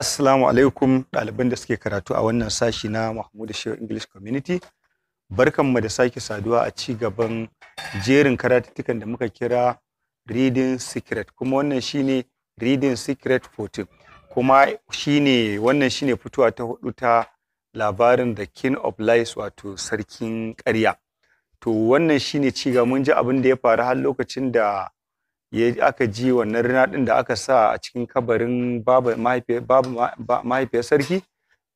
Assalamu alaikum ɗaliban da suke karatu a wannan sashi na Mahmudu Shehu English Community. Barkanmu da sake saduwa a ci gaban jerin karatuttukan da muka kira Reading Secret kuma wannan shine Reading Secret 14 kuma shine wannan shine fitowa ta hudu ta labarin The King of Lies wato sarkin karya, To wannan shine ci ga mun ji abin da ya faru har lokacin da aka ji wannan rina ɗin da aka sa a cikin kabarin babu mahaifiyar sarki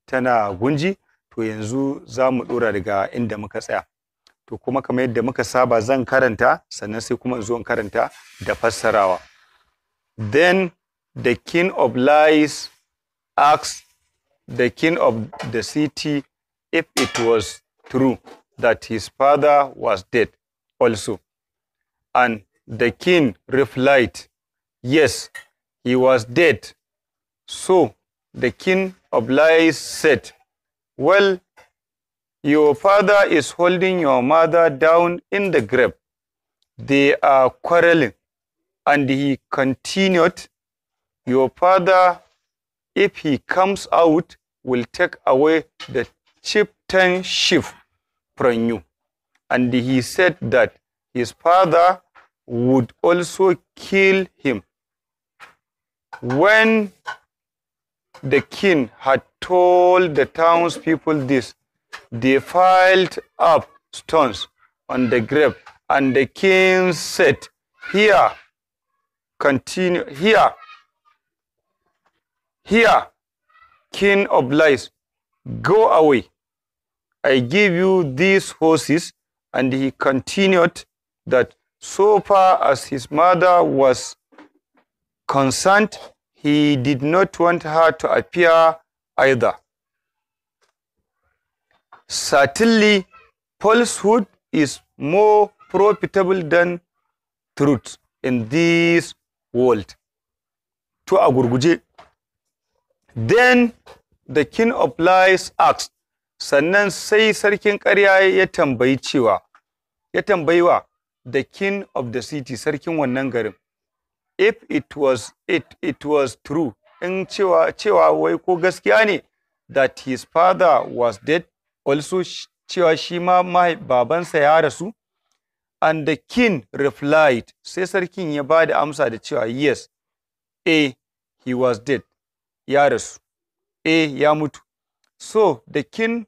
tana gunji to yanzu za mu ɗora daga inda muka tsaya to kuma kamar yadda muka saba zan karanta sannan sai kuma in zo karanta da fassarawa then the king of lies asked the king of the city if it was true that his father was dead also and The king replied, Yes, he was dead. So the king lies said, Well, your father is holding your mother down in the grave. They are quarreling. And he continued, Your father, if he comes out, will take away the chieftainship from you. And he said that his father would also kill him. When the king had told the townspeople this, they piled up stones on the grave, and the king said, Here, continue, here, here, king of lies, go away. I give you these horses. And he continued that so far as his mother was concerned, he did not want her to appear either. Certainly, falsehood is more profitable than truth in this world. To Agurguje. Then the king of lies asked, sannan sai sarkin ƙarya ya tambayi cewa, ya tambayi wa, the king of the city sarkin wannan garin if it was it it was true in cewa cewa wai ko gaskiya ne that his father was dead also cewa shi ma babansa ya rasu and the king replied sai sarkin ya bada amsa da cewa yes a he was dead ya rasu a ya mutu so the king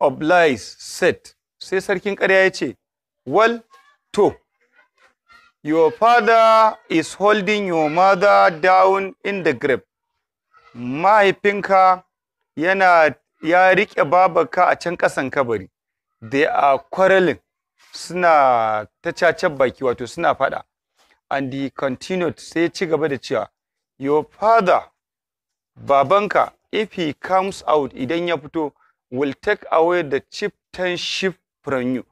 of lies said sai sarkin ƙarya ya ce well to your father is holding your mother down in the grave mahaifinka yana ya riƙe babarka a can ƙasan kabari they are quarreling suna ta cacen baki wato suna faɗa and he continued sai ci gaba da cewa your father babanka if he comes out idan ya fito will take away the chieftainship furanyu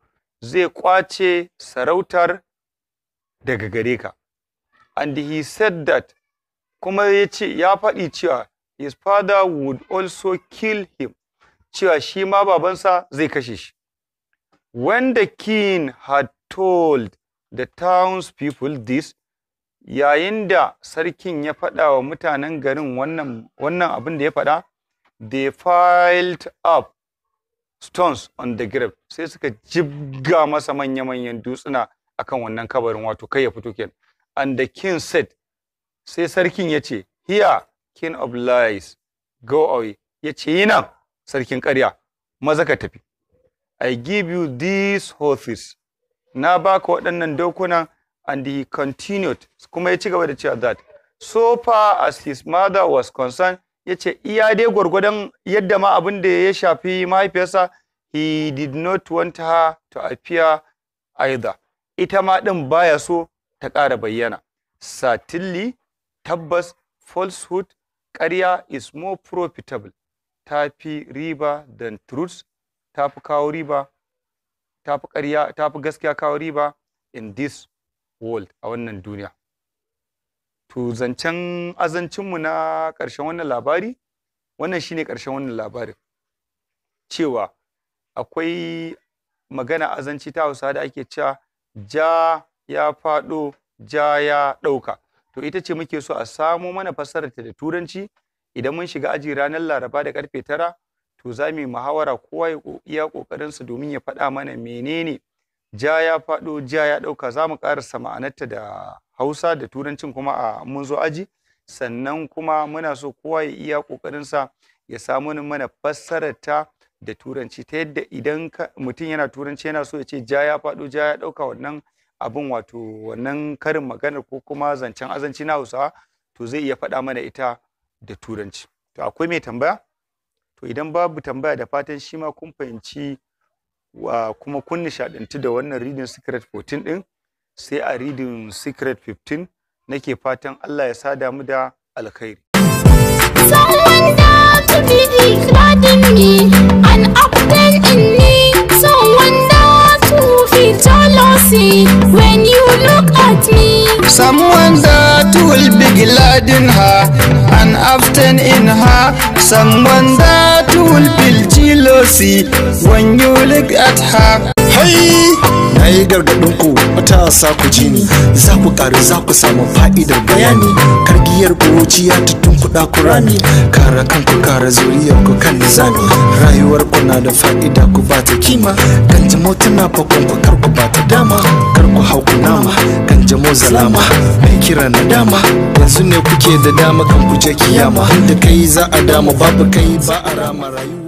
zai kwace sarautar daga gare ka and he said that kuma ya ce ya faɗi cewa his father would also kill him cewa shi ma babansa zai kashe shi when the king had told the townspeople this yayin da sarkin ya faɗa wa mutanen garin wannan abin da ya faɗa they filed up stones on the grave sai suka jibga masa manya-manyan dutsuna akan wannan kabarin wato kai ya fito kenan and the king said sai sarkin ya ce here king of lies go away ya ce yi nan sarkin karya maza ka tafi i give you these horses na baka waɗannan dokuna and he continued kuma ya ci gaba da cewa that so far as his mother was concerned ya ce iya dai gwargwadon yadda ma abin da ya shafi mahaifiyarsa he did not want her to appear either ita ma ɗin baya so ta ƙara bayyana satilli tabbas falsehood ƙarya is more profitable ta fi riba than truth ta fi kawo riba ta fi gaskiya kawo riba in this world a wannan duniya to zancen azancinmu na ƙarshen wannan labari wannan shine ƙarshen wannan labarin cewa akwai magana azanci ta hausa da ake cewa ja ya faɗo ja ya ɗauka to ita ce muke so a samo mana fassararta da turanci idan mun shiga aji ranar laraba da karfe tara to za mu yi muhawara kowa ya iya ƙoƙarinsa domin ya faɗa mana menene ja ya fado ja ya ɗauka zamu mu ƙarasa ma'anarta da hausa da turancin kuma a mun zo aji sannan kuma muna so kowa ya iya kokarin sa ya samu mana fassararta da turanci ta yadda idan mutum yana turanci yana so ya ce ja ya faɗo ja ya ɗauka wannan abin wato wannan karin maganar ko kuma zancen azanci na hausawa to zai iya faɗa mana ita da turanci to akwai mai tambaya to idan babu tambaya da fatan shi ma kun fahimci wa kuma kun nishadanti da wannan reading secret 14 din sai a reading secret 15 nake fatan Allah ya sada mu da alkhairi jealousy when you look at me Someone that will be glad in her and often in her. Someone that will feel jealousy when you look at her. Hey! Na yi gargaɗin ku sa ku ji ni, za ku ƙaru za ku samu fa'idar bayani, kargiyar kuruciya ta tunkuɗa ku rami, kara kanku kara zuriyar ku kan nizami, rayuwar ku na da fa'ida ku ba kima, kan jimo tana fakon ku kar ku ba dama. ku hauku nama kan jamo zalama mai kira na dama yanzu ne kuke da dama kan kuje kiyama da kai za a dama babu kai ba a rama rayuwa